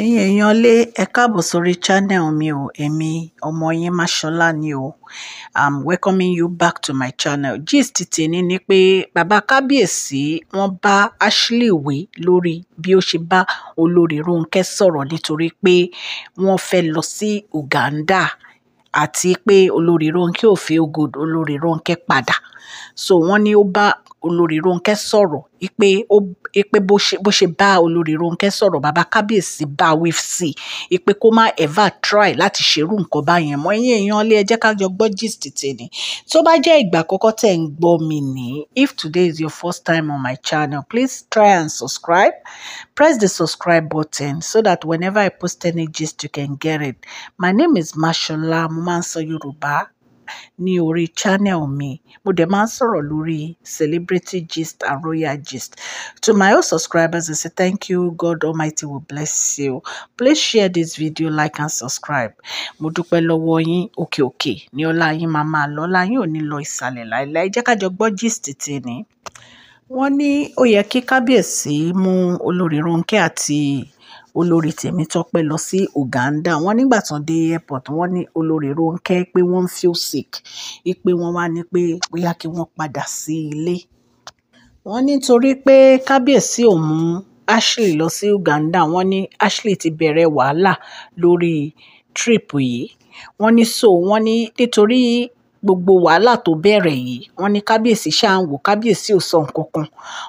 Ẹ̀yin èèyàn lé, ẹ káàbọ̀ sórí channel mi o. Èmi ọmọ yín Máṣọ́lá ni o. I'm welcoming you back to my channel. Gist tèmi ni pé bàbá Kábíyèsí wọ́n bá Ashley wé lórí bí ó ṣe bá olórí Ronkẹ́ sọ̀rọ̀ nítorí pé wọ́n fẹ́ lọ sí Uganda àti pé olórí Ronkẹ́ ò fẹ́ ó good olórí Ronkẹ́ padà. So wọ́n ní ó bá olórí Rónkẹ́ sọ̀rọ̀ ipe ó ipe bó ṣe bá olórí Rónkẹ́ sọ̀rọ̀ bàbá kábíyèsí bá wíf sí ipe kó má ever try láti ṣerú nǹkan báyẹn mọ́ ẹ̀yin èèyàn ilé ẹ jẹ́ ká jọ gbọ́ gist tèmi tó bá jẹ́ ìgbà àkọ́kọ́ tẹ̀ ń gbọ́ mi ní if today is your first time on my channel please try and subscribe press the subscribe button so that whenever I post any gist you can get it my name is Mashola mo máa ń sọ Yorùbá ní orí channel mi. Mo dẹ̀ máa ń sọ̀rọ̀ lórí celebrity gist and royal gist. To my old subscribers, I say thank you. God Almighty will bless you. Please share this video, like and subscribe. Mo dúpẹ́ lọ́wọ́ yín òkè òkè ní ọlá yín máa máa lọ. Ọlá yín ò ní lọ ìsàlẹ̀ láíláí. Jẹ́ ká jọ gbọ́ gist ti ní. Wọ́n ní ó yẹ kí kábíyèsí mú olórí Rónkẹ́ àti olórí Tèmítọ́pẹ́ lọ sí Uganda. Wọ́n nígbà tán dé airport, wọ́n ní olórí Rónkẹ́ pé wọ́n feel sick, pé wọ́n wá ní pé bóyá kí wọ́n padà sí ilé. Wọ́n ní pé kábíyèsí òun Ashley lọ sí Uganda, wọ́n ní Ashley ti bẹ̀rẹ̀ wàhálà lórí trip yìí. Wọ́n ní so, wọ́n ní nítorí gbogbo wàhálà tó bẹ̀rẹ̀ yìí wọ́n ní kábíyèsí ṣáà ń wò kábíyèsí ò sọ nǹkan kan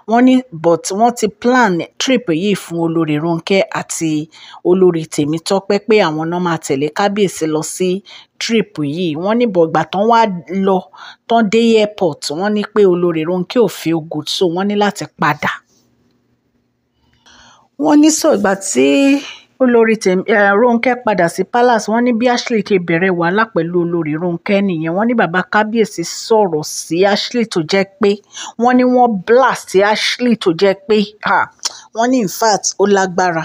wọ́n ní but wọ́n ti plan trip yìí fún olórí Rónkẹ́ àti olórí Tèmítọ́pẹ́ pé àwọn náà máa tẹ̀lé kábíyèsí lọ sí trip yìí wọ́n ní bọ̀gbà tán wá lọ tán dé airport wọ́n ní pé olórí Rónkẹ́ ò feel good so wọ́n ní láti padà wọ́n ní sọ ìgbà tí olórí ronke padà sí palace wọn ní bí ashley ṣe bẹ̀rẹ̀ wàhálà pẹ̀lú olórí ronke nìyẹn wọn ní baba kábíyèsí sọ̀rọ̀ sí ashley tó jẹ́ pé wọ́n ní wọ́n blast ashley tó jẹ́ pé wọ́n ní in fact ó lágbára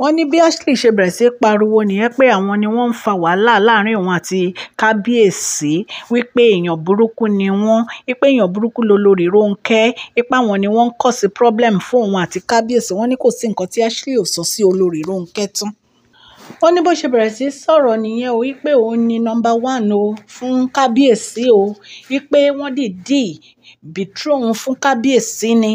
wọ́n ní bí ashley ṣe bẹ̀rẹ̀ sí í pariwo nìyẹn pé àwọn ni wọ́n ń fa wàhálà láàrin òun àti kábíyèsí wípé èèyàn burúkú ni wọ́n wípé èèyàn burúkú lolórí Rónkẹ́ wípé àwọn ni wọ́n ń kọ́ sí problem fún òun àti kábíyèsí wọ́n ní kò sí nǹkan tí ashley ò sọ sí olórí Rónkẹ́ tún ó ní bó ṣe bẹ̀rẹ̀ sí sọ̀rọ̀ nìyẹn o wípé òun ni nọmba one o fún kábíyèsí o wípé wọ́n dìídì Bìtró fún kábíyèsí ni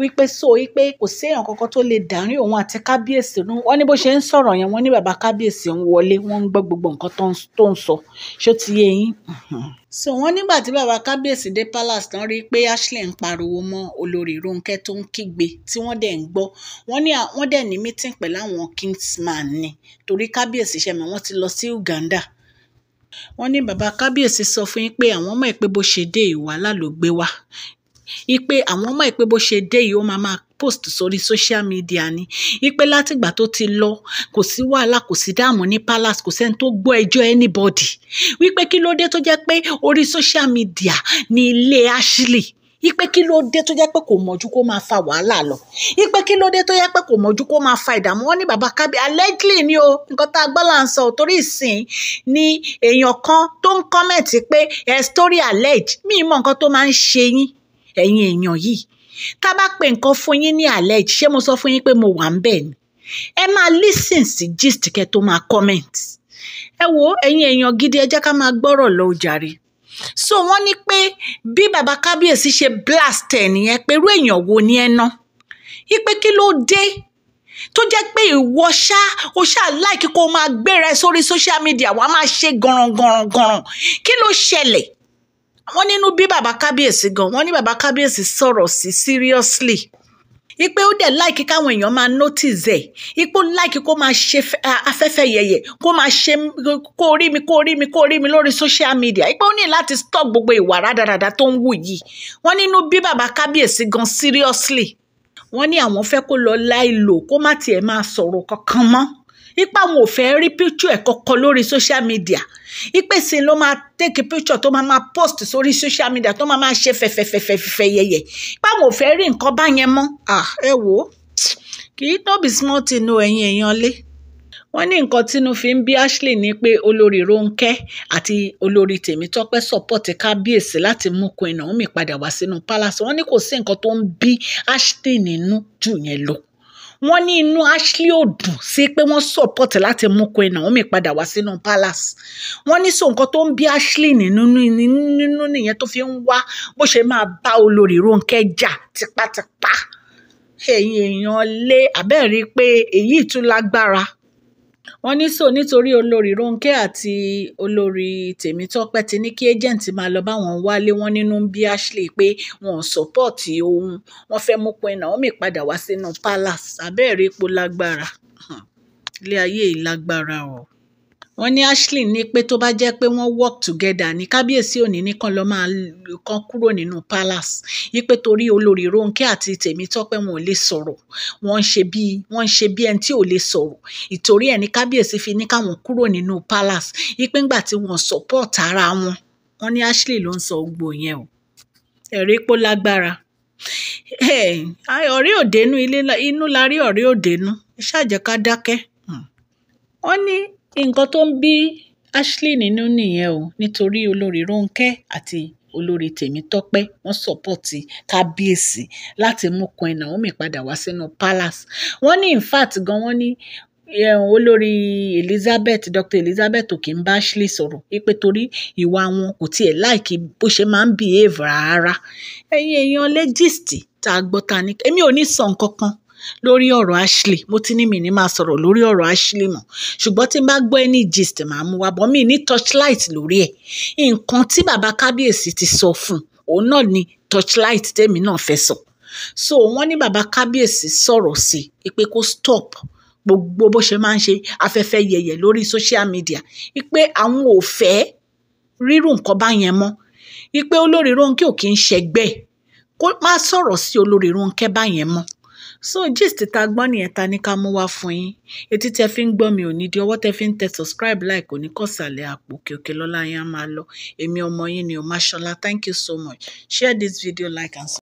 wípé so wípé kò sí èèyàn kankan tó lè dàárín òun àti kábíyèsí nù. Wọ́n ní bó ṣe ń sọ̀rọ̀ yẹn, wọ́n ní bàbá kábíyèsí ń wọlé, wọ́n ń gbọ́ gbogbo nǹkan tó ń sọ. Ṣé ó ti yé yín? Mm-hmm. So wọ́n nígbà tí bàbá kábíyèsí dé palace tán rí pé Ashley ń pariwo mọ́ olórí Ronke tó ń kígbe tí wọ́n dẹ̀ ń gbọ́. Wọ́n ní wọ́n dẹ̀ ní meeting pẹ̀lú àwọn kingsman ni torí kábíyèsí ṣẹ̀mẹ̀ wọ́n ti lọ sí Uganda wọ́n ní bàbá kábíyèsí sọ fún yín pé àwọn mọ̀ pé bó ṣe dé ìwàhálà ló gbé wá ipe àwọn mọ̀ pé bó ṣe dé yìí ó máa máa post sórí social media ni ipe látìgbà tó ti lọ kò sí wàhálà kò sí dààmú ní palace kò sẹ́ni tó gbọ́ ẹjọ́ anybody wípé kí ló dé tó jẹ́ pé orí social media ni ilé Ashley ipe kí ló dé tó jẹ́ pé kò mọ̀jú kó máa fa wàhálà lọ ipe kí ló dé tó jẹ́ pé kò mọ̀jú kó máa fa ìdààmú wọn ní bàbá kábí allegedly ni o nǹkan tá a gbọ́ là ń sọ torí ìsìn ni èèyàn kan tó ń kọ́mẹ̀tì pé ẹ story alleged mi mọ nǹkan tó máa ń ṣe yín ẹ̀yin èèyàn yìí tá a bá pe nǹkan fún yín ní alleged ṣé mo sọ fún yín pé mo wà ń bẹ̀ ni ẹ máa listen sí gist kẹ́ tó máa comment ẹ wo ẹ̀yin èèyàn gidi ẹ jẹ́ ká máa gbọ́rọ̀ lọ jàre so wọ́n ní pé bí bàbá kábíyèsí ṣe blast ẹ̀ nìyẹn pé irú èèyàn wo ni ẹ ná ipe kí ló dé tó jẹ́ pé ìwọ ṣá o ṣá láìkí kó o máa gbéra ẹ sórí social media wàá máa ṣe gànràngànràngànràn kí ló ṣẹlẹ̀ wọ́n nínú bí bàbá kábíyèsí gan wọ́n ní bàbá kábíyèsí sọ̀rọ̀ sí seriously ipe ó dẹ̀ láìkí káwọn èèyàn máa notice ẹ̀ ipe ó láìkí kó máa ṣe afẹ́fẹ́ yẹ̀yẹ̀ kó máa ṣe kó rí mi kó rí mi kó rí mi lórí social media ipe ó ní láti stop gbogbo ìwà rádaràda tó ń wù yìí wọ́n nínú bí bàbá kábíyèsí gan seriously wọ́n ní àwọn fẹ́ kó lọ láìlò kó má tiẹ̀ máa sọ̀rọ̀ kankan mọ́ ipa àwọn ò fẹ́ rí picture ẹ̀ kọ́kọ́ lórí social media ipe sin ló máa take picture tó máa máa post sórí social media tó máa máa ṣe fẹ̀fẹ̀fẹ̀fẹ̀ yẹyẹ ipa àwọn ò fẹ́ rí nǹkan bá yẹn mọ́ ẹ wò ó kì í tóbi small tin o ẹ̀yin èèyàn lé wọ́n ní nǹkan tínú fi ń bí Ashley ní pé olórí Rónkẹ́ àti olórí Tèmítọ́pẹ́ sọ́pọ̀tì kábíyèsí láti mú Queen Naomi padà wá sínú palace wọ́n ní kò sí nǹkan tó ń bí Ashley nínú jù yẹn lọ wọ́n ní inú Ashley ò dùn sí pé wọ́n support láti mú Queen Naomi padà wá sínú palace wọ́n ní so nǹkan tó ń bí Ashley nínú nínú nìyẹn tó fi ń wá bó ṣe máa bá olórí Rónkẹ́ jà tipátipá ẹ̀yin èèyàn lé àbẹ́ẹ̀rí pé èyí tún lágbára wọ́n ní so nítorí olórí Rónkẹ́ àti olórí Tèmítọ́pẹ́ ti ní kí agent máa lọ báwọn wálé wọn nínú ń bí Ashley pé wọn ò sọ́pọ̀tì òun wọ́n fẹ́ mú Queen Naomi padà wá sínú palace abẹ́ẹ̀rẹ́ epo lágbára hmm. ilé ayé yìí lágbára o wọ́n ní ashley ní pé tó bá jẹ́ pé wọ́n work together ní kábíyèsí òní nìkan lọ́ọ́ máa kan kúrò nínú palace yípe torí olórí Rónkẹ́ àti Tèmítọ́pẹ́ wọn ò lè sọ̀rọ̀ wọ́n ń ṣe bí wọ́n ń ṣe bí ẹni tí ò lè sọ̀rọ̀ ìtorí ẹ̀ ní kábíyèsí fi ní káwọn kúrò nínú palace yípe ńgbà tí wọ́n support ara wọn wọ́n ní ashley ló ń sọ gbogbo yẹn o ẹ̀rí pó lágbára ọ̀rẹ́ òdenu inú la rí ọ̀rẹ́ òdenu ṣáàjẹ́ ká dákẹ́ hmm. ní nǹkan tó ń bí ashley nínú nìyẹn o nítorí olórí Rónkẹ́ àti olórí Tèmítọ́pẹ́ wọ́n sọ́pọ̀tì kábíyèsí láti mú Queen Naomi padà wá sínú palace wọ́n ní in fact gan wọ́n ní eh, olórí Elizabeth Dr. Elizabeth òkè ń bá ashley sọ̀rọ̀ pé torí ìwà wọn kò tiẹ̀ láìkí bó ṣe máa ń behave rárá ẹ̀yin èèyàn legist tá a gbọ́ ta ní èmi ò ní sọ nǹkan kan lórí ọ̀rọ̀ Ashley mo ti ní mi ní máa sọ̀rọ̀ lórí ọ̀rọ̀ Ashley mọ́ ṣùgbọ́n tí n bá gbọ́ any gist màá mú wa bọ́ mi ní torchlight lórí ẹ̀ nǹkan tí bàbá kábíyèsí ti sọ fún òun náà ni torchlight tèmi náà fẹ́ sọ so wọ́n ní bàbá kábíyèsí sọ̀rọ̀ sí i pé kó stop gbogbo bó ṣe máa ń ṣe afẹ́fẹ́ yẹ̀yẹ̀ lórí social media wípé àwọn ò fẹ́ rírun nǹkan bá yẹn mọ́ wípé olórí Ronke ò kí ń ṣẹgbẹ́ kó má sọ̀rọ̀ sí olórí Ronke bá yẹn mọ́ so gist ta gbọ́ nìyẹn ta ní ká mú wá fún yín etí tẹ fi ń gbọ́ mi ò ní di ọwọ́ tẹ fi ń tẹ subscribe like òní kọ̀sàlẹ̀ àpò òkè òkè lọ́la yẹn á máa lọ èmi ọmọ yín ni o Mashola thank you so much share this video like and subscribe.